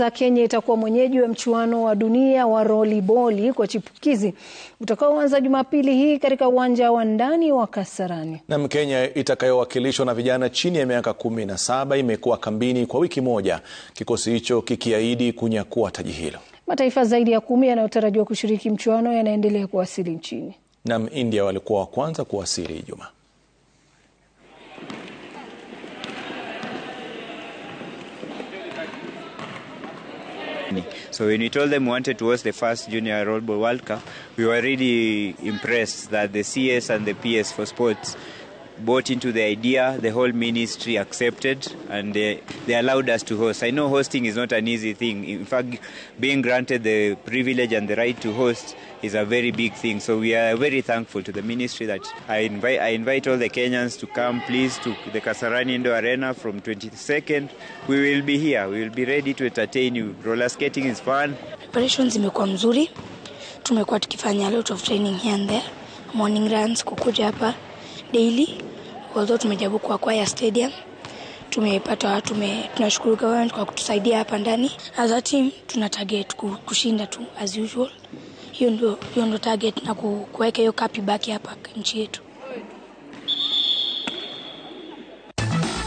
za Kenya itakuwa mwenyeji wa mchuano wa dunia wa roliboli kwa chipukizi utakaoanza Jumapili hii katika uwanja wa ndani wa Kasarani. Nam Kenya itakayowakilishwa na vijana chini ya miaka kumi na saba imekuwa kambini kwa wiki moja, kikosi hicho kikiahidi kunyakua taji hilo. Mataifa zaidi ya kumi yanayotarajiwa kushiriki mchuano yanaendelea kuwasili nchini. Nam India walikuwa wa kwanza kuwasili Ijumaa. company. So when we told them we wanted to host the first Junior Rollerball World Cup, we were really impressed that the CS and the PS for sports bought into the idea. The whole ministry accepted and they, they allowed us to host. I know hosting is not an easy thing. In fact, being granted the privilege and the right to host is a very big thing. So we are very thankful to the ministry that I invite, I invite all the Kenyans to come, please, to the Kasarani indo Arena from 22nd. We will be here. We will be ready to entertain you. Roller skating is fun. Preparations imekuwa mzuri. Tumekuwa tukifanya a lot of training here and there. Morning runs, kukuja hapa daily although tumejaribu kwa kwaya stadium tumepata tume, tunashukuru government kwa kutusaidia hapa ndani as a team tuna target kushinda tu as usual hiyo ndio hiyo ndio target na kuweka hiyo cup back hapa nchi yetu